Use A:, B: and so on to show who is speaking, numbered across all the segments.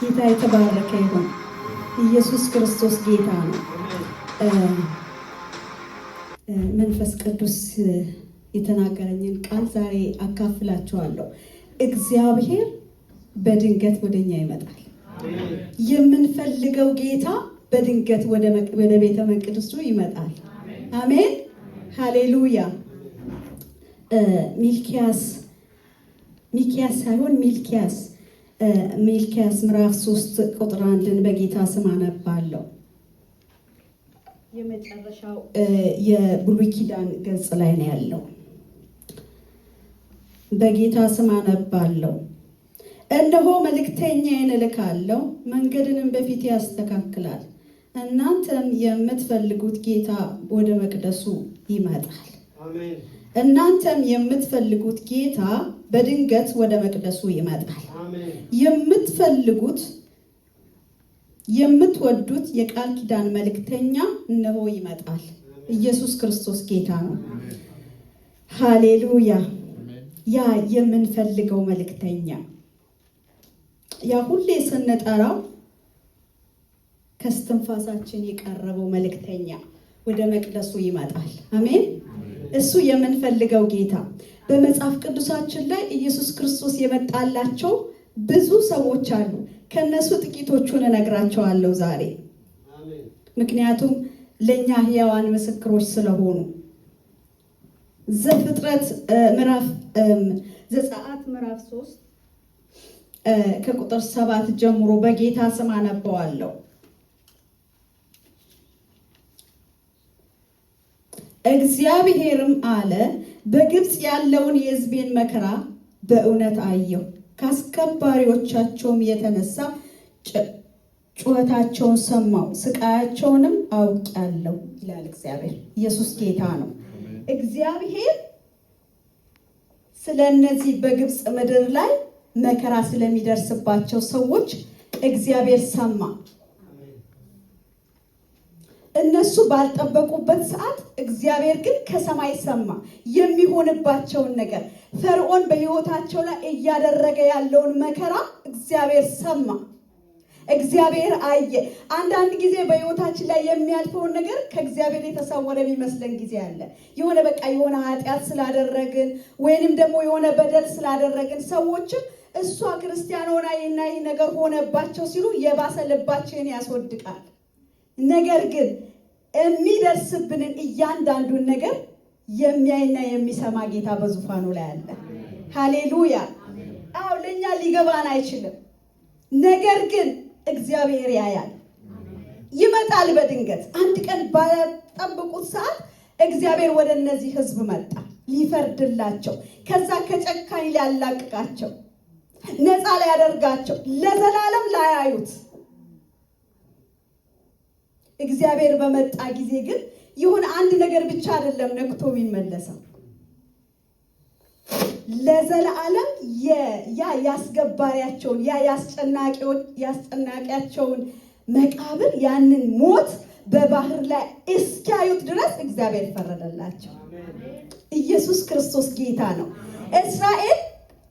A: ጌታ የተባረከ ይሁን። ኢየሱስ ክርስቶስ ጌታ ነው። መንፈስ ቅዱስ የተናገረኝን ቃል ዛሬ አካፍላችኋለሁ። እግዚአብሔር በድንገት ወደኛ ይመጣል። የምንፈልገው ጌታ በድንገት ወደ ቤተ መቅደሱ ይመጣል። አሜን፣ ሃሌሉያ። ሚልኪያስ ሚልኪያስ ሳይሆን ሚልኪያስ ሚልኪያስ ምዕራፍ ሶስት ቁጥር አንድን በጌታ ስም አነባለሁ። የመጨረሻው የብሉይ ኪዳን ገጽ ላይ ነው ያለው። በጌታ ስም አነባለሁ። እነሆ መልእክተኛዬን እልካለሁ፣ መንገድንም በፊት ያስተካክላል። እናንተም የምትፈልጉት ጌታ ወደ መቅደሱ ይመጣል። እናንተም የምትፈልጉት ጌታ በድንገት ወደ መቅደሱ ይመጣል። የምትፈልጉት የምትወዱት የቃል ኪዳን መልእክተኛ እነሆ ይመጣል። ኢየሱስ ክርስቶስ ጌታ ነው። ሃሌሉያ! ያ የምንፈልገው መልእክተኛ ያ ሁሌ ስንጠራው ከስትንፋሳችን የቀረበው መልእክተኛ ወደ መቅደሱ ይመጣል። አሜን። እሱ የምንፈልገው ጌታ በመጽሐፍ ቅዱሳችን ላይ ኢየሱስ ክርስቶስ የመጣላቸው ብዙ ሰዎች አሉ። ከነሱ ጥቂቶቹን እነግራቸዋለሁ ዛሬ ምክንያቱም ለእኛ ህያዋን ምስክሮች ስለሆኑ። ዘፍጥረት ምዕራፍ ዘፀአት ምዕራፍ ሶስት ከቁጥር ሰባት ጀምሮ በጌታ ስም አነበዋለሁ። እግዚአብሔርም አለ በግብፅ ያለውን የሕዝቤን መከራ በእውነት አየሁ፣ ከአስከባሪዎቻቸውም የተነሳ ጩኸታቸውን ሰማሁ፣ ስቃያቸውንም አውቃለሁ ይላል እግዚአብሔር። ኢየሱስ ጌታ ነው። እግዚአብሔር ስለ እነዚህ በግብፅ ምድር ላይ መከራ ስለሚደርስባቸው ሰዎች እግዚአብሔር ሰማ። እነሱ ባልጠበቁበት ሰዓት እግዚአብሔር ግን ከሰማይ ሰማ የሚሆንባቸውን ነገር። ፈርዖን በሕይወታቸው ላይ እያደረገ ያለውን መከራ እግዚአብሔር ሰማ፣ እግዚአብሔር አየ። አንዳንድ ጊዜ በሕይወታችን ላይ የሚያልፈውን ነገር ከእግዚአብሔር የተሰወረ የሚመስለን ጊዜ አለ። የሆነ በቃ የሆነ ኃጢአት ስላደረግን ወይንም ደግሞ የሆነ በደል ስላደረግን ሰዎችም እሷ ክርስቲያን ሆና ይህና ይህ ነገር ሆነባቸው ሲሉ የባሰ ልባችን ያስወድቃል። ነገር ግን የሚደርስብንን እያንዳንዱን ነገር የሚያይና የሚሰማ ጌታ በዙፋኑ ላይ አለ። ሃሌሉያ! አዎ ለእኛ ሊገባን አይችልም። ነገር ግን እግዚአብሔር ያያል። ይመጣል በድንገት አንድ ቀን ባጠብቁት ሰዓት እግዚአብሔር ወደ እነዚህ ህዝብ መጣ ሊፈርድላቸው፣ ከዛ ከጨካኝ ሊያላቅቃቸው፣ ነፃ ሊያደርጋቸው ለዘላለም ላያዩት እግዚአብሔር በመጣ ጊዜ ግን ይሁን አንድ ነገር ብቻ አይደለም ነክቶ የሚመለሰው ለዘላለም ያ ያስገባሪያቸውን ያ ያስጨናቂያቸውን መቃብር ያንን ሞት በባህር ላይ እስኪያዩት ድረስ እግዚአብሔር ፈረደላቸው። ኢየሱስ ክርስቶስ ጌታ ነው። እስራኤል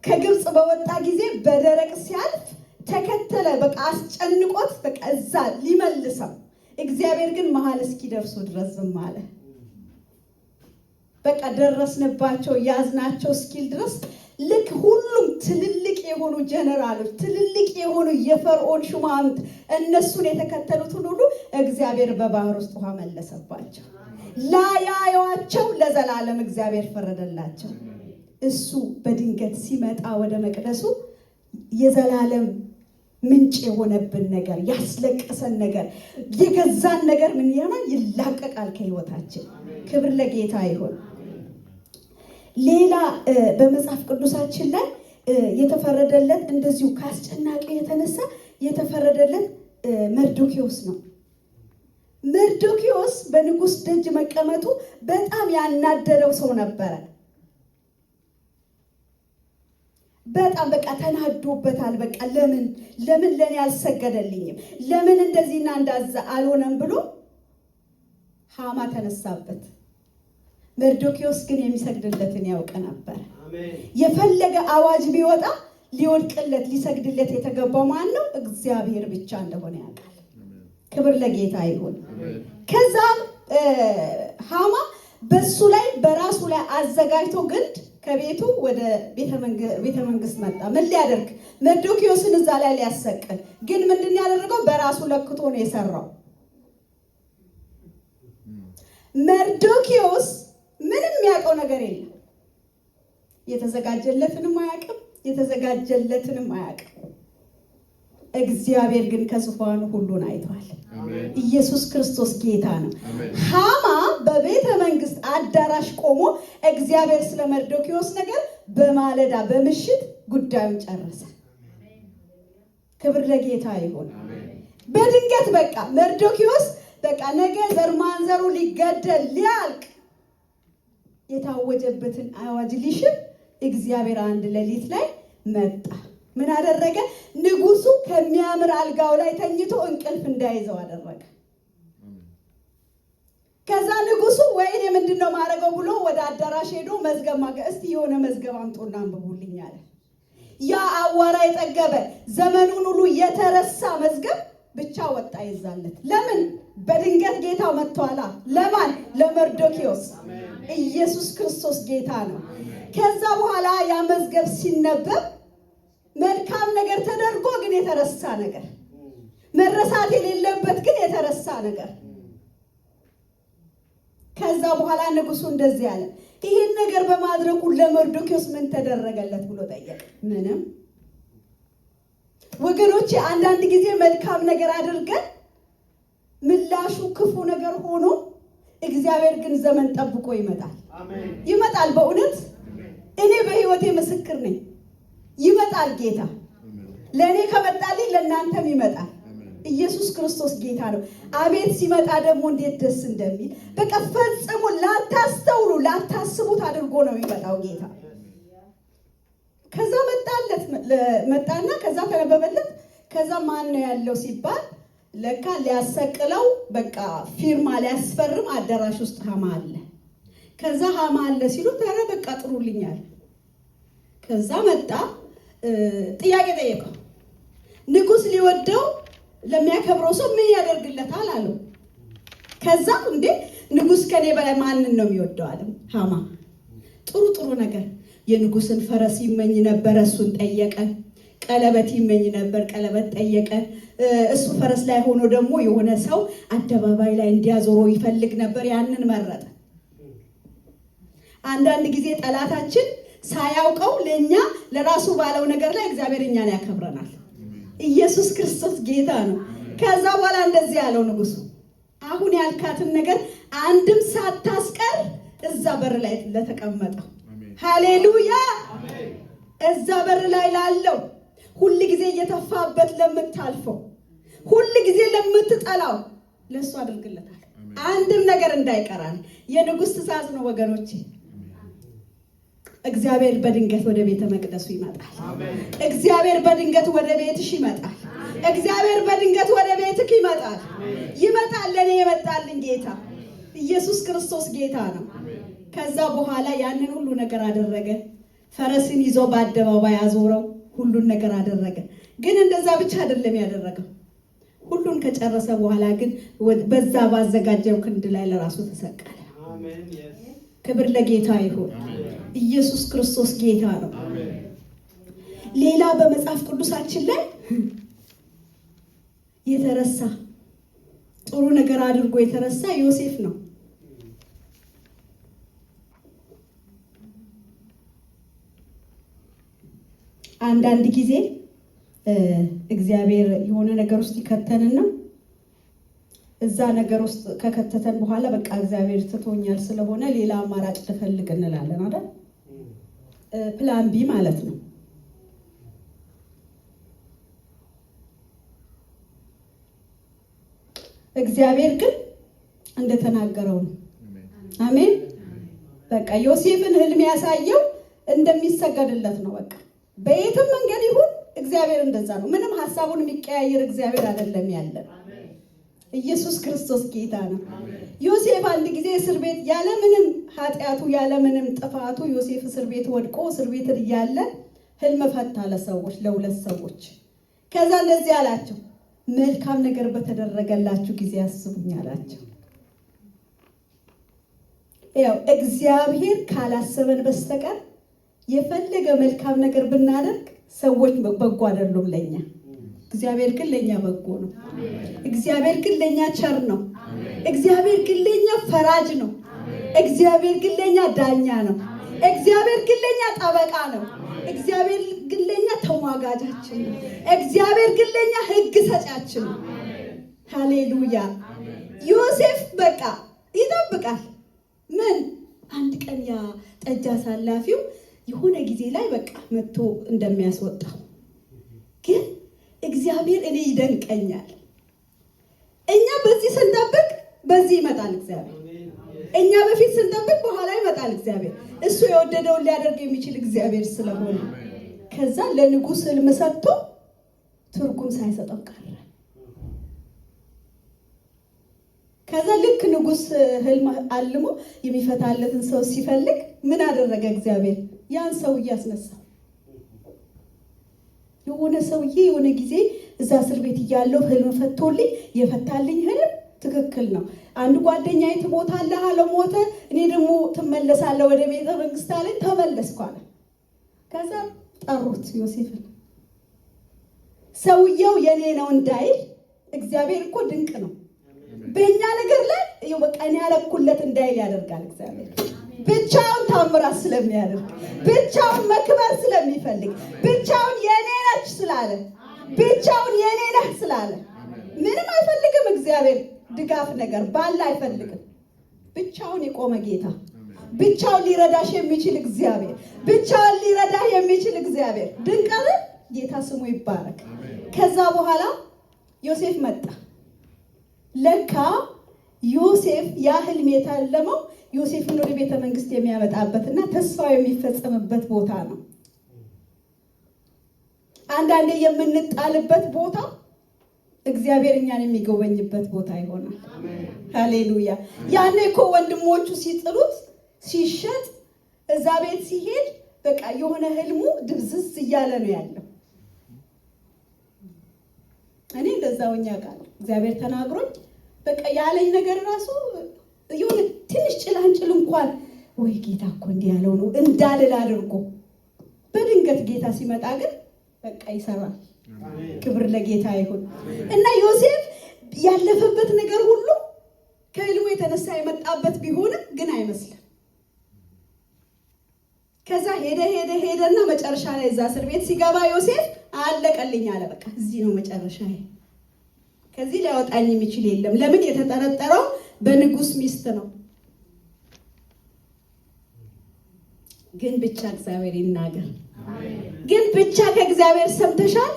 A: ከግብፅ በወጣ ጊዜ በደረቅ ሲያልፍ ተከተለ። በቃ አስጨንቆት በቃ እዛ ሊመልሰው እግዚአብሔር ግን መሀል እስኪደርሱ ድረስ ዝም አለ። በቃ ደረስንባቸው ያዝናቸው እስኪል ድረስ ልክ ሁሉም ትልልቅ የሆኑ ጀነራሎች፣ ትልልቅ የሆኑ የፈርዖን ሹማምንት እነሱን የተከተሉትን ሁሉ እግዚአብሔር በባህር ውስጥ ውሃ መለሰባቸው። ላያየዋቸው ለዘላለም እግዚአብሔር ፈረደላቸው። እሱ በድንገት ሲመጣ ወደ መቅደሱ የዘላለም ምንጭ የሆነብን ነገር፣ ያስለቀሰን ነገር፣ የገዛን ነገር ምን ይሆናል? ይላቀቃል ከህይወታችን። ክብር ለጌታ ይሁን። ሌላ በመጽሐፍ ቅዱሳችን ላይ የተፈረደለት እንደዚሁ ከአስጨናቂ የተነሳ የተፈረደለት መርዶኪዎስ ነው። መርዶኪዎስ በንጉስ ደጅ መቀመጡ በጣም ያናደረው ሰው ነበረ። በጣም በቃ ተናዶበታል። በቃ ለምን ለምን ለኔ አልሰገደልኝም ለምን እንደዚህና እንዳዛ አልሆነም ብሎ ሃማ ተነሳበት። መርዶኪዎስ ግን የሚሰግድለትን ያውቅ ነበር። የፈለገ አዋጅ ቢወጣ ሊወድቅለት ሊሰግድለት የተገባው ማን ነው? እግዚአብሔር ብቻ እንደሆነ ያውቃል። ክብር ለጌታ ይሁን። ከዛም ሀማ በሱ ላይ በራሱ ላይ አዘጋጅቶ ግንድ ከቤቱ ወደ ቤተ መንግስት መጣ። ምን ሊያደርግ መርዶኪዎስን እዛ ላይ ሊያሰቅል። ግን ምንድን ያደረገው በራሱ ለክቶ ነው የሰራው። መርዶኪዮስ ምንም የሚያውቀው ነገር የለም። የተዘጋጀለትንም አያውቅም፣ የተዘጋጀለትንም አያውቅም። እግዚአብሔር ግን ከዙፋኑ ሁሉን አይቷል። ኢየሱስ ክርስቶስ ጌታ ነው። ሃማ በቤተ መንግስት አዳራሽ ቆሞ እግዚአብሔር ስለ መርዶኪዎስ ነገር በማለዳ በምሽት ጉዳዩን ጨረሰ። ክብር ለጌታ ይሁን። በድንገት በቃ መርዶኪዎስ በቃ ነገ ዘርማንዘሩ ሊገደል ሊያልቅ የታወጀበትን አዋጅ ሊሽር እግዚአብሔር አንድ ሌሊት ላይ መጣ። ምን አደረገ? ንጉሱ ከሚያምር አልጋው ላይ ተኝቶ እንቅልፍ እንዳይዘው አደረገ። ከዛ ንጉሱ ወይኔ ምንድን ነው ማድረገው ብሎ ወደ አዳራሽ ሄዶ መዝገብ ማገ እስቲ የሆነ መዝገብ አምጦና አንብቡልኝ አለ። ያ አዋራ የጠገበ ዘመኑን ሁሉ የተረሳ መዝገብ ብቻ ወጣ ይዛለት። ለምን በድንገት ጌታ መጥቷላ። ለማን ለመርዶኪዎስ። ኢየሱስ ክርስቶስ ጌታ ነው። ከዛ በኋላ ያ መዝገብ ሲነበብ መልካም ነገር ተደርጎ ግን የተረሳ ነገር፣ መረሳት የሌለበት ግን የተረሳ ነገር። ከዛ በኋላ ንጉሱ እንደዚህ አለ፣ ይህን ነገር በማድረጉ ለመርዶኪዎስ ምን ተደረገለት ብሎ ጠየቀ። ምንም። ወገኖች አንዳንድ ጊዜ መልካም ነገር አድርገን ምላሹ ክፉ ነገር ሆኖ እግዚአብሔር ግን ዘመን ጠብቆ ይመጣል ይመጣል። በእውነት እኔ በህይወቴ ምስክር ነኝ። ይመጣል ጌታ። ለእኔ ከመጣልኝ ለእናንተም ይመጣል። ኢየሱስ ክርስቶስ ጌታ ነው። አቤት ሲመጣ ደግሞ እንዴት ደስ እንደሚል በቃ ፈጽሙ ላታስተውሉ ላታስቡት አድርጎ ነው የሚመጣው ጌታ። ከዛ መጣለት መጣና ከዛ ተነበበለት። ከዛ ማን ነው ያለው ሲባል ለካ ሊያሰቅለው በቃ ፊርማ ሊያስፈርም አዳራሽ ውስጥ ሀማ አለ። ከዛ ሀማ አለ ሲሉ ተረ በቃ ጥሩልኛል። ከዛ መጣ ጥያቄ ጠየቀው። ንጉስ ሊወደው ለሚያከብረው ሰው ምን ያደርግለታል አለው። ከዛ እንዴ ንጉስ ከኔ በላይ ማንን ነው የሚወደው አለ ሃማ። ጥሩ ጥሩ ነገር የንጉስን ፈረስ ይመኝ ነበር፣ እሱን ጠየቀ። ቀለበት ይመኝ ነበር፣ ቀለበት ጠየቀ። እሱ ፈረስ ላይ ሆኖ ደግሞ የሆነ ሰው አደባባይ ላይ እንዲያዞሮ ይፈልግ ነበር፣ ያንን መረጠ። አንዳንድ ጊዜ ጠላታችን ሳያውቀው ለእኛ ለራሱ ባለው ነገር ላይ እግዚአብሔር እኛን ያከብረናል። ኢየሱስ ክርስቶስ ጌታ ነው። ከዛ በኋላ እንደዚህ ያለው ንጉሱ አሁን ያልካትን ነገር አንድም ሳታስቀር እዛ በር ላይ ለተቀመጠው ሃሌሉያ፣ እዛ በር ላይ ላለው ሁል ጊዜ እየተፋበት ለምታልፈው፣ ሁል ጊዜ ለምትጠላው ለእሱ አድርግለታል። አንድም ነገር እንዳይቀራል። የንጉሥ ትእዛዝ ነው ወገኖቼ። እግዚአብሔር በድንገት ወደ ቤተ መቅደሱ ይመጣል። እግዚአብሔር በድንገት ወደ ቤትሽ ይመጣል። እግዚአብሔር በድንገት ወደ ቤትክ ይመጣል። ይመጣል። ለእኔ የመጣልኝ ጌታ ኢየሱስ ክርስቶስ ጌታ ነው። ከዛ በኋላ ያንን ሁሉ ነገር አደረገ። ፈረስን ይዞ በአደባባይ አዞረው። ሁሉን ነገር አደረገ። ግን እንደዛ ብቻ አይደለም ያደረገው። ሁሉን ከጨረሰ በኋላ ግን በዛ ባዘጋጀው ክንድ ላይ ለራሱ ተሰቀለ። ክብር ለጌታ ይሁን። ኢየሱስ ክርስቶስ ጌታ ነው። ሌላ በመጽሐፍ ቅዱሳችን ላይ የተረሳ ጥሩ ነገር አድርጎ የተረሳ ዮሴፍ ነው። አንዳንድ ጊዜ እግዚአብሔር የሆነ ነገር ውስጥ ይከተንና እዛ ነገር ውስጥ ከከተተን በኋላ በቃ እግዚአብሔር ትቶኛል ስለሆነ ሌላ አማራጭ ልፈልግ እንላለን አይደል? ፕላን ቢ ማለት ነው። እግዚአብሔር ግን እንደተናገረው ነው። አሜን። በቃ ዮሴፍን ህልም ያሳየው እንደሚሰገድለት ነው። በቃ በየትም መንገድ ይሁን እግዚአብሔር እንደዛ ነው። ምንም ሀሳቡን የሚቀያየር እግዚአብሔር አይደለም ያለን ኢየሱስ ክርስቶስ ጌታ ነው። ዮሴፍ አንድ ጊዜ እስር ቤት ያለምንም ኃጢአቱ ያለምንም ጥፋቱ ዮሴፍ እስር ቤት ወድቆ እስር ቤት እያለ ህልም ፈታ ለሰዎች ለሁለት ሰዎች። ከዛ እንደዚህ አላቸው፣ መልካም ነገር በተደረገላችሁ ጊዜ አስቡኝ አላቸው። ያው እግዚአብሔር ካላሰበን በስተቀር የፈለገ መልካም ነገር ብናደርግ ሰዎች በጎ አይደሉም ለኛ። እግዚአብሔር ግን ለእኛ በጎ ነው። እግዚአብሔር ግን ለእኛ ቸር ነው። እግዚአብሔር ግን ለእኛ ፈራጅ ነው። እግዚአብሔር ግን ለእኛ ዳኛ ነው። እግዚአብሔር ግን ለእኛ ጠበቃ ነው። እግዚአብሔር ግን ለእኛ ተሟጋጃችን ነው። እግዚአብሔር ግን ለእኛ ሕግ ሰጫችን ነው። ሃሌሉያ። ዮሴፍ በቃ ይጠብቃል። ምን አንድ ቀን ያ ጠጅ አሳላፊው የሆነ ጊዜ ላይ በቃ መጥቶ እንደሚያስወጣው ግን እግዚአብሔር እኔ ይደንቀኛል። እኛ በዚህ ስንጠብቅ በዚህ ይመጣል እግዚአብሔር። እኛ በፊት ስንጠብቅ በኋላ ይመጣል እግዚአብሔር። እሱ የወደደውን ሊያደርግ የሚችል እግዚአብሔር ስለሆነ ከዛ ለንጉስ ህልም ሰጥቶ ትርጉም ሳይሰጠው ቀረ። ከዛ ልክ ንጉስ ህልም አልሞ የሚፈታለትን ሰው ሲፈልግ ምን አደረገ እግዚአብሔር? ያን ሰው እያስነሳ የሆነ ሰውዬ የሆነ ጊዜ እዛ እስር ቤት እያለው ህልም ፈቶልኝ የፈታልኝ ህልም ትክክል ነው። አንድ ጓደኛዬ ትሞታለህ አለ፣ ሞተ። እኔ ደግሞ ትመለሳለህ ወደ ቤተ መንግስት አለኝ። ተመለስኩ አለ። ከዛ ጠሩት ዮሴፍን። ሰውየው የእኔ ነው እንዳይል እግዚአብሔር እኮ ድንቅ ነው። በእኛ ነገር ላይ በቃ እኔ ያለኩለት እንዳይል ያደርጋል እግዚአብሔር። ብቻውን ታምራት ስለሚያደርግ፣ ብቻውን መክበር ስለሚፈልግ፣ ብቻውን የእኔ የኔናች ስላለ ብቻውን ነህ ስላለ ምንም አይፈልግም። እግዚአብሔር ድጋፍ ነገር ባለ አይፈልግም። ብቻውን የቆመ ጌታ፣ ብቻውን ሊረዳሽ የሚችል እግዚአብሔር፣ ብቻውን ሊረዳህ የሚችል እግዚአብሔር ድንቀር ጌታ ስሙ ይባረክ። ከዛ በኋላ ዮሴፍ መጣ። ለካ ዮሴፍ ያ ህልም የታለመው ዮሴፍን ወደ ቤተ መንግስት የሚያመጣበትና ተስፋው የሚፈጸምበት ቦታ ነው። አንዳንዴ የምንጣልበት ቦታ እግዚአብሔር እኛን የሚጎበኝበት ቦታ ይሆናል። ሃሌሉያ። ያኔ እኮ ወንድሞቹ ሲጥሉት ሲሸጥ እዛ ቤት ሲሄድ በቃ የሆነ ህልሙ ድብዝዝ እያለ ነው ያለው። እኔ እንደዛ ወኛ ቃል እግዚአብሔር ተናግሮኝ በቃ ያለኝ ነገር ራሱ የሆነ ትንሽ ጭላንጭል እንኳን ወይ ጌታ እኮ እንዲህ ያለው ነው እንዳልል አድርጎ በድንገት ጌታ ሲመጣ ግን በቃ ይሰራል። ክብር ለጌታ ይሁን እና ዮሴፍ ያለፈበት ነገር ሁሉ ከህልሙ የተነሳ የመጣበት ቢሆንም ግን አይመስልም። ከዛ ሄደ ሄደ ሄደ እና መጨረሻ ላይ እዛ እስር ቤት ሲገባ ዮሴፍ አለቀልኝ አለ። በቃ እዚህ ነው መጨረሻ፣ ከዚህ ሊያወጣኝ የሚችል የለም። ለምን የተጠረጠረው በንጉስ ሚስት ነው። ግን ብቻ እግዚአብሔር ይናገር። ግን ብቻ ከእግዚአብሔር ሰምተሻል።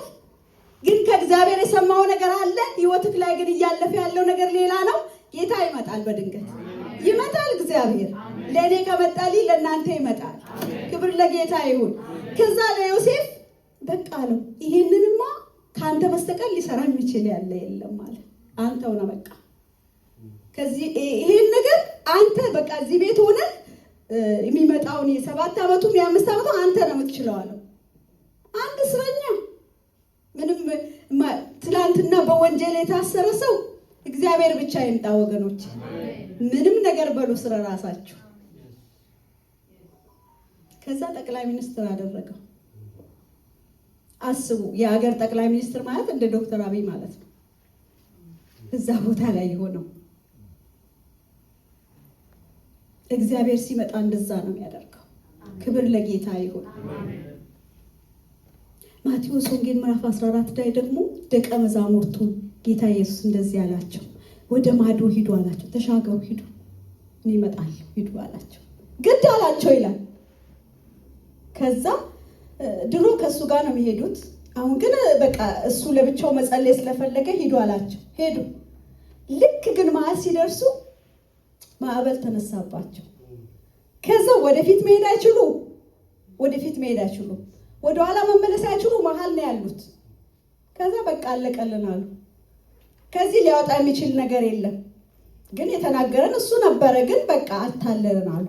A: ግን ከእግዚአብሔር የሰማው ነገር አለ። ህይወትክ ላይ ግን እያለፈ ያለው ነገር ሌላ ነው። ጌታ ይመጣል፣ በድንገት ይመጣል። እግዚአብሔር ለእኔ ከመጣልኝ ለእናንተ ይመጣል። ክብር ለጌታ ይሁን። ከዛ ለዮሴፍ በቃ ነው ይሄንንማ ከአንተ በስተቀር ሊሰራ የሚችል ያለ የለም ማለት አንተ ሆነ በቃ ከዚህ ይሄን ነገር አንተ በቃ እዚህ ቤት ሆነ የሚመጣውን የሰባት አመቱም የአምስት ዓመቱ አንተ ነው የምትችለው አለው። አንድ እስረኛ ምንም ትላንትና በወንጀል የታሰረ ሰው እግዚአብሔር ብቻ ይምጣ ወገኖች። ምንም ነገር በሉ ስለ ራሳችሁ። ከዛ ጠቅላይ ሚኒስትር አደረገው። አስቡ፣ የሀገር ጠቅላይ ሚኒስትር ማለት እንደ ዶክተር አብይ ማለት ነው። እዛ ቦታ ላይ የሆነው እግዚአብሔር ሲመጣ እንደዛ ነው የሚያደርገው። ክብር ለጌታ ይሁን። ማቴዎስ ወንጌል ምዕራፍ 14 ላይ ደግሞ ደቀ መዛሙርቱን ጌታ ኢየሱስ እንደዚህ አላቸው፣ ወደ ማዶ ሂዱ አላቸው፣ ተሻገሩ ሂዱ፣ እኔ እመጣለሁ ሂዱ አላቸው። ግድ አላቸው ይላል። ከዛ ድሮ ከእሱ ጋር ነው የሚሄዱት። አሁን ግን በቃ እሱ ለብቻው መጸለይ ስለፈለገ ሂዱ አላቸው፣ ሄዱ። ልክ ግን መሀል ሲደርሱ ማዕበል ተነሳባቸው። ከዛ ወደፊት መሄድ አይችሉ ወደፊት መሄድ አይችሉ ወደኋላ መመለስ አይችሉ መሀል ነው ያሉት። ከዛ በቃ አለቀልን አሉ። ከዚህ ሊያወጣ የሚችል ነገር የለም። ግን የተናገረን እሱ ነበረ። ግን በቃ አታለልን አሉ።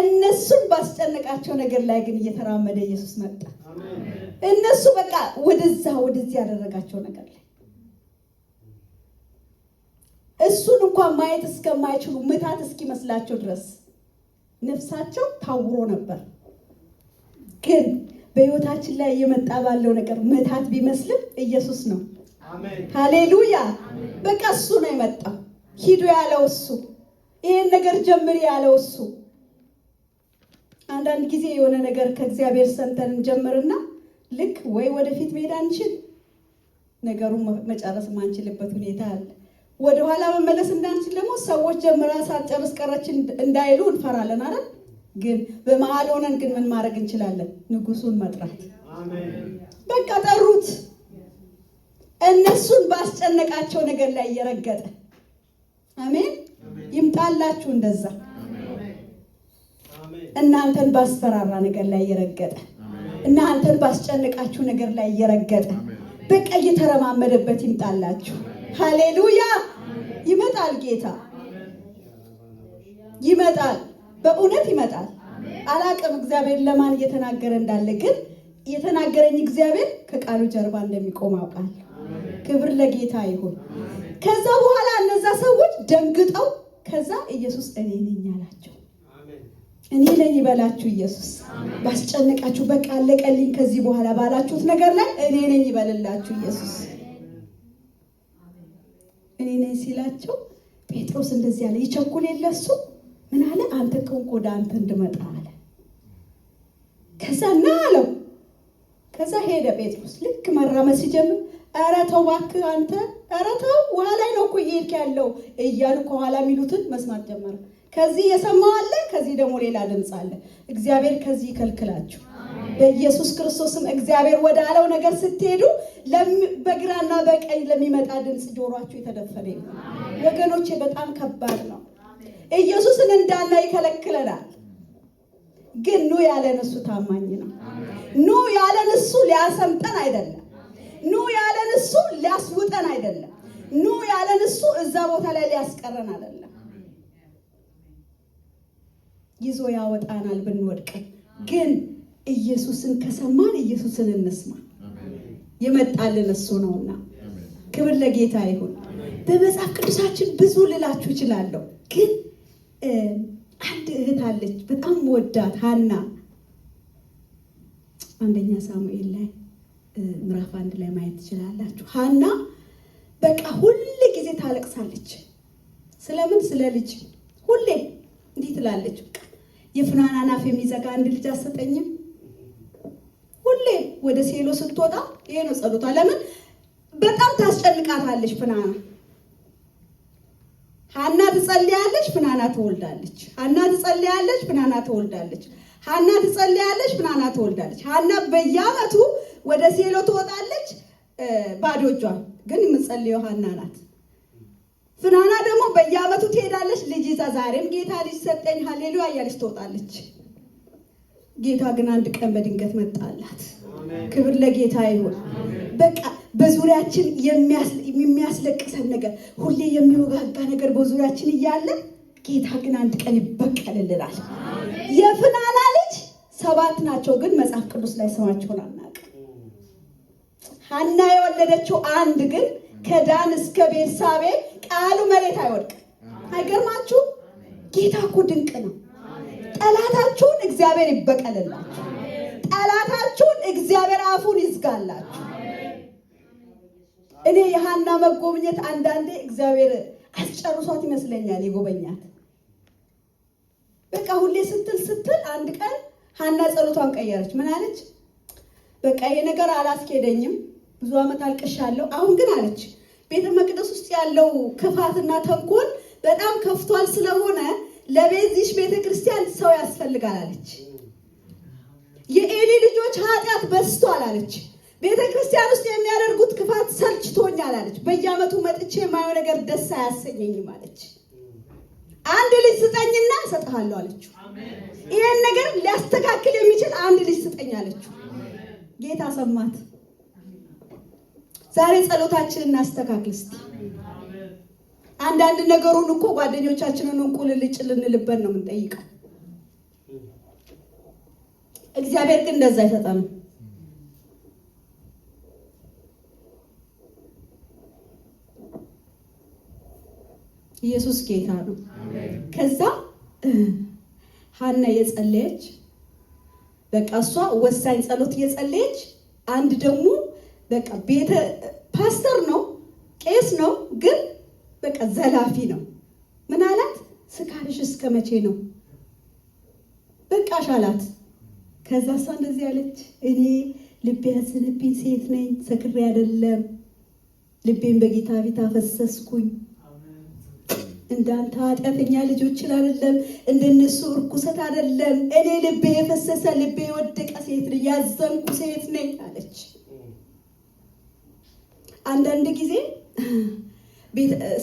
A: እነሱን ባስጨነቃቸው ነገር ላይ ግን እየተራመደ ኢየሱስ መጣ። እነሱ በቃ ወደዛ ወደዚህ ያደረጋቸው ነገር ላይ እሱን እንኳን ማየት እስከማይችሉ ምታት እስኪመስላቸው ድረስ ነፍሳቸው ታውሮ ነበር። ግን በህይወታችን ላይ እየመጣ ባለው ነገር ምታት ቢመስልም ኢየሱስ ነው። ሃሌሉያ! በቃ እሱ ነው የመጣው። ሂዱ ያለው እሱ፣ ይህን ነገር ጀምር ያለው እሱ። አንዳንድ ጊዜ የሆነ ነገር ከእግዚአብሔር ሰምተን እንጀምርና ልክ ወይ ወደፊት መሄድ አንችል ነገሩን መጨረስ ማንችልበት ሁኔታ አለ። ወደኋላ መመለስ እንዳንችል ደግሞ ሰዎች ጀምራ ሳጨርስ ቀረች እንዳይሉ እንፈራለን አይደል? ግን በመሀል ሆነን ግን ምን ማድረግ እንችላለን? ንጉሱን መጥራት። በቃ ጠሩት። እነሱን ባስጨነቃቸው ነገር ላይ እየረገጠ አሜን። ይምጣላችሁ እንደዛ እናንተን ባስፈራራ ነገር ላይ እየረገጠ እናንተን ባስጨነቃችሁ ነገር ላይ እየረገጠ በቃ እየተረማመደበት ይምጣላችሁ። ሃሌሉያ። ይመጣል ጌታ ይመጣል፣ በእውነት ይመጣል። አላቅም እግዚአብሔር ለማን እየተናገረ እንዳለ ግን የተናገረኝ እግዚአብሔር ከቃሉ ጀርባ እንደሚቆም አውቃል። ክብር ለጌታ ይሁን። ከዛ በኋላ እነዛ ሰዎች ደንግጠው ከዛ ኢየሱስ እኔ ነኝ አላቸው። እኔ ነኝ ይበላችሁ ኢየሱስ ባስጨነቃችሁ፣ በቃ አለቀልኝ ከዚህ በኋላ ባላችሁት ነገር ላይ እኔ ነኝ ይበልላችሁ ኢየሱስ እኔ ነኝ ሲላቸው ጴጥሮስ እንደዚህ አለ። ይቸኩል የለሱ ምን አለ? አንተ ከሆንክ ወደ አንተ እንድመጣ አለ። ከዛ ና አለው። ከዛ ሄደ ጴጥሮስ። ልክ መራመድ ሲጀምር ኧረ ተው እባክህ አንተ ኧረ ተው ውሃ ላይ ነው እኮ እየሄድክ ያለው እያሉ ከኋላ የሚሉትን መስማት ጀመረ። ከዚህ የሰማው አለ፣ ከዚህ ደግሞ ሌላ ድምፅ አለ። እግዚአብሔር ከዚህ ይከልክላችሁ። በኢየሱስ ክርስቶስም እግዚአብሔር ወዳለው ነገር ስትሄዱ በግራና በቀኝ ለሚመጣ ድምፅ ጆሯችሁ የተደፈነ ወገኖቼ፣ በጣም ከባድ ነው። ኢየሱስን እንዳና ይከለክለናል። ግን ኑ ያለን እሱ ታማኝ ነው። ኑ ያለን እሱ ሊያሰምጠን አይደለም። ኑ ያለን እሱ ሊያስውጠን አይደለም። ኑ ያለን እሱ እዛ ቦታ ላይ ሊያስቀረን አይደለም። ይዞ ያወጣናል ብንወድቅ ግን ኢየሱስን ከሰማን ኢየሱስን እንስማ። የመጣልን እሱ ነውና ክብር ለጌታ ይሁን። በመጽሐፍ ቅዱሳችን ብዙ ልላችሁ እችላለሁ፣ ግን አንድ እህት አለች በጣም ወዳት ሀና አንደኛ ሳሙኤል ላይ ምዕራፍ አንድ ላይ ማየት ትችላላችሁ። ሀና በቃ ሁል ጊዜ ታለቅሳለች። ስለምን? ስለ ልጅ ሁሌ እንዲህ ትላለች። የፍናን አናፍ የሚዘጋ አንድ ልጅ አሰጠኝም ሁሌ ወደ ሴሎ ስትወጣ ይሄ ነው ጸሎቷ። ለምን በጣም ታስጨንቃታለች ፍናና ሀና ትጸልያለች፣ ፍናና ትወልዳለች። ሀና ትጸልያለች፣ ፍናና ትወልዳለች። ሀና ትጸልያለች፣ ፍናና ትወልዳለች። ሀና በየዓመቱ ወደ ሴሎ ትወጣለች፣ ባዶ እጇን ግን የምጸልየው ሀና ናት። ፍናና ደግሞ በየአመቱ ትሄዳለች፣ ልጅ ይዛ ዛሬም ጌታ ልጅ ሰጠኝ ሀሌሉያ እያለች ትወጣለች። ጌታ ግን አንድ ቀን በድንገት መጣላት። ክብር ለጌታ ይሁን። በቃ በዙሪያችን የሚያስለቅሰን ነገር፣ ሁሌ የሚወጋጋ ነገር በዙሪያችን እያለ ጌታ ግን አንድ ቀን ይበቀልልናል። የፍናና ልጅ ሰባት ናቸው፣ ግን መጽሐፍ ቅዱስ ላይ ስማቸውን አናውቅም። ሀና የወለደችው አንድ ግን ከዳን እስከ ቤርሳቤ ቃሉ መሬት አይወድቅም። አይገርማችሁ? ጌታ እኮ ድንቅ ነው። ጠላታችሁን እግዚአብሔር ይበቀልላችሁ። ጠላታችሁን እግዚአብሔር አፉን ይዝጋላችሁ። እኔ የሀና መጎብኘት አንዳንዴ እግዚአብሔር አስጨርሷት ይመስለኛል የጎበኛት። በቃ ሁሌ ስትል ስትል አንድ ቀን ሀና ጸሎቷን ቀየረች። ምን አለች? በቃ ይሄ ነገር አላስኬደኝም፣ ብዙ ዓመት አልቅሻለሁ። አሁን ግን አለች ቤተ መቅደስ ውስጥ ያለው ክፋትና ተንኮል በጣም ከፍቷል ስለሆነ ለቤዚሽ ቤተ ክርስቲያን ሰው ያስፈልጋል አለች። የኤሊ ልጆች ኃጢአት በስቶ አለች። ቤተ ክርስቲያን ውስጥ የሚያደርጉት ክፋት ሰልችቶኛል አለች። በየዓመቱ መጥቼ የማየው ነገር ደስ አያሰኘኝም አለች። አንድ ልጅ ስጠኝና እሰጥሃለሁ አለችው። ይሄን ነገር ሊያስተካክል የሚችል አንድ ልጅ ስጠኝ አለችው። ጌታ ሰማት። ዛሬ ጸሎታችንን እናስተካክል እስቲ። አንዳንድ ነገሩን እኮ ጓደኞቻችንን እንቁልልጭ ልንልበት ነው የምንጠይቀው። እግዚአብሔር ግን እንደዛ አይሰጠንም። ኢየሱስ ጌታ ነው። ከዛ ሀና የጸለየች በቃ እሷ ወሳኝ ጸሎት እየጸለየች አንድ ደግሞ በቃ ቤተ ፓስተር ነው ቄስ ነው ግን በቃ ዘላፊ ነው። ምን አላት? ስካርሽ እስከ መቼ ነው? በቃሽ አላት። ከዛ እሷ እንደዚህ አለች፣ እኔ ልቤ ያዘነብኝ ሴት ነኝ፣ ሰክሬ አይደለም ልቤን በጌታ ፊት አፈሰስኩኝ። እንዳንተ ኃጢአተኛ ልጆችን አይደለም፣ እንደነሱ እርኩሰት አይደለም። እኔ ልቤ የፈሰሰ ልቤ የወደቀ ሴት ነኝ፣ ያዘንኩ ሴት ነኝ አለች። አንዳንድ ጊዜ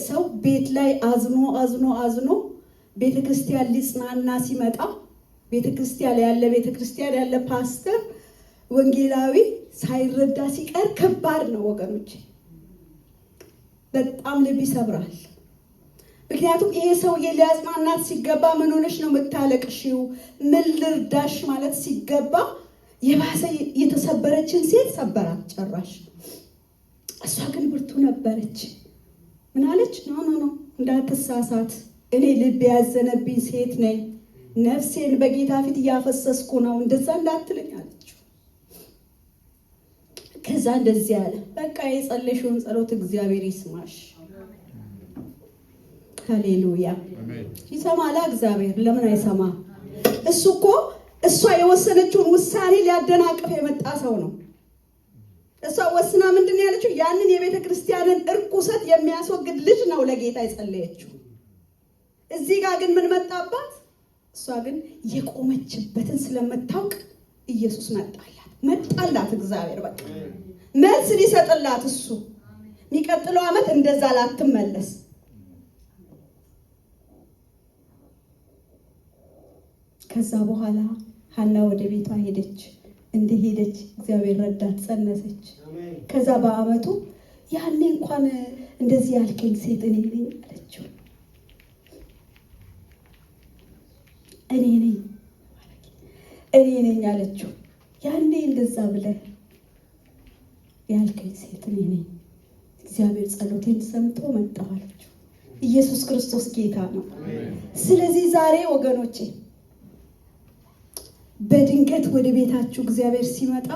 A: ሰው ቤት ላይ አዝኖ አዝኖ አዝኖ ቤተ ክርስቲያን ሊጽናና ሲመጣ ቤተ ክርስቲያን ያለ ቤተ ክርስቲያን ያለ ፓስተር ወንጌላዊ ሳይረዳ ሲቀር ከባድ ነው ወገኖች፣ በጣም ልብ ይሰብራል። ምክንያቱም ይሄ ሰውዬ ሊያጽናናት ሲገባ ምን ሆነሽ ነው የምታለቅሽው? ምን ልርዳሽ ማለት ሲገባ የባሰ የተሰበረችን ሴት ሰበራት ጨራሽ። እሷ ግን ብርቱ ነበረች። ምን አለች? ኖ ኖ ኖ እንዳትሳሳት፣ እኔ ልብ ያዘነብኝ ሴት ነኝ፣ ነፍሴን በጌታ ፊት እያፈሰስኩ ነው፣ እንደዛ እንዳትለኝ አለችው። ከዛ እንደዚህ አለ፣ በቃ የጸለሽውን ጸሎት እግዚአብሔር ይስማሽ። ሀሌሉያ ይሰማላ እግዚአብሔር ለምን አይሰማ? እሱ እኮ እሷ የወሰነችውን ውሳኔ ሊያደናቅፍ የመጣ ሰው ነው። እሷ ወስና ምንድን ነው ያለችው? ያንን የቤተ ክርስቲያንን እርኩሰት የሚያስወግድ ልጅ ነው ለጌታ የጸለየችው። እዚህ ጋር ግን ምን መጣባት? እሷ ግን የቆመችበትን ስለምታውቅ ኢየሱስ መጣላት መጣላት። እግዚአብሔር በቃ መልስ ሊሰጥላት እሱ የሚቀጥለው ዓመት እንደዛ ላትመለስ ከዛ በኋላ ሀና ወደ ቤቷ ሄደች። እንደሄደች እግዚአብሔር ረዳት ጸነሰች። ከዛ በአመቱ ያኔ እንኳን እንደዚህ ያልከኝ ሴት እኔ ነኝ አለችው። እኔ ነኝ እኔ ነኝ አለችው። ያኔ እንደዛ ብለህ ያልከኝ ሴት እኔ ነኝ፣ እግዚአብሔር ጸሎቴን ሰምቶ መጣሁ አለችው። ኢየሱስ ክርስቶስ ጌታ ነው። ስለዚህ ዛሬ ወገኖቼ በድንገት ወደ ቤታችሁ እግዚአብሔር ሲመጣ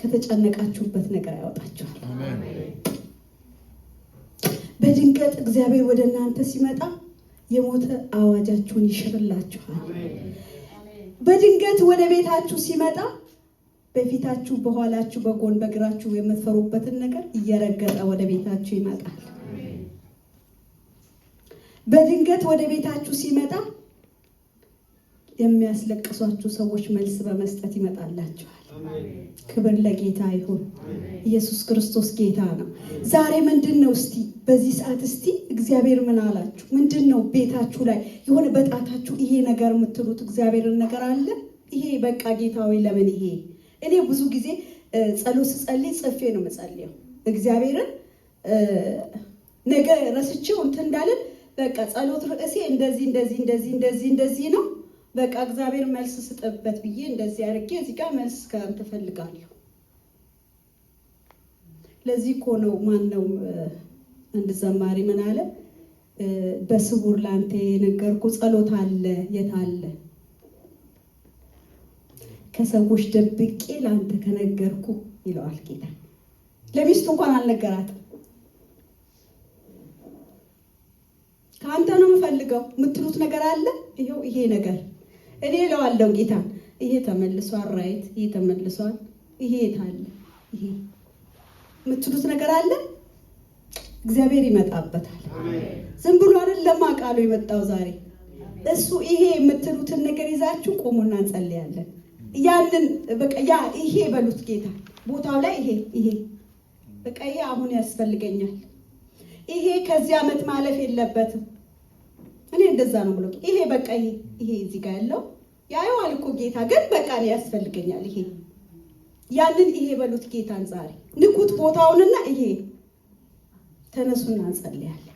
A: ከተጨነቃችሁበት ነገር ያወጣችኋል። በድንገት እግዚአብሔር ወደ እናንተ ሲመጣ የሞተ አዋጃችሁን ይሽርላችኋል። በድንገት ወደ ቤታችሁ ሲመጣ በፊታችሁ፣ በኋላችሁ፣ በጎን፣ በግራችሁ የምትፈሩበትን ነገር እየረገጠ ወደ ቤታችሁ ይመጣል። በድንገት ወደ ቤታችሁ ሲመጣ የሚያስለቅሷችሁ ሰዎች መልስ በመስጠት ይመጣላችኋል። ክብር ለጌታ ይሁን። ኢየሱስ ክርስቶስ ጌታ ነው። ዛሬ ምንድን ነው እስቲ በዚህ ሰዓት እስቲ እግዚአብሔር ምን አላችሁ? ምንድን ነው ቤታችሁ ላይ የሆነ በጣታችሁ ይሄ ነገር የምትሉት እግዚአብሔርን ነገር አለ ይሄ በቃ ጌታዊ ለምን ይሄ እኔ ብዙ ጊዜ ጸሎት ስጸልይ ጽፌ ነው የምጸልየው እግዚአብሔርን ነገ ረስቼው እንትን እንዳለን በቃ ጸሎት ርዕሴ እንደዚህ እንደዚህ እንደዚህ እንደዚህ እንደዚህ ነው በቃ እግዚአብሔር መልስ ስጠበት ብዬ እንደዚህ አድርጌ እዚህ ጋር መልስ ከአንተ እፈልጋለሁ። ለዚህ እኮ ነው ነው አንድ ዘማሪ ምን አለ፣ በስውር ላንተ የነገርኩ ጸሎት አለ የታለ ከሰዎች ደብቄ ላንተ ከነገርኩ ይለዋል ጌታ። ለሚስቱ እንኳን አልነገራትም። ከአንተ ነው የምፈልገው የምትሉት ነገር አለ። ይኸው ይሄ ነገር እኔ እለዋለሁ ጌታ ይሄ ተመልሷል፣ ራይት ይሄ ተመልሷል፣ ይሄ የታለ ይሄ የምትሉት ነገር አለ። እግዚአብሔር ይመጣበታል። ዝም ብሎ አይደለም ቃሉ የመጣው ዛሬ እሱ ይሄ የምትሉትን ነገር ይዛችሁ ቆሙና እንጸልያለን። ያንን በቃ ያ ይሄ በሉት ጌታ ቦታው ላይ ይሄ ይሄ በቃ ይሄ አሁን ያስፈልገኛል። ይሄ ከዚህ ዓመት ማለፍ የለበትም። እኔ እንደዛ ነው ብሎ ይሄ በቃ ይሄ እዚህ ጋር ያለው ያየዋል አልኮ ጌታ፣ ግን በቃ ያስፈልገኛል ይሄ ያንን ይሄ በሉት ጌታን ዛሬ ንኩት ቦታውንና ይሄ ተነሱና እንጸልያለን።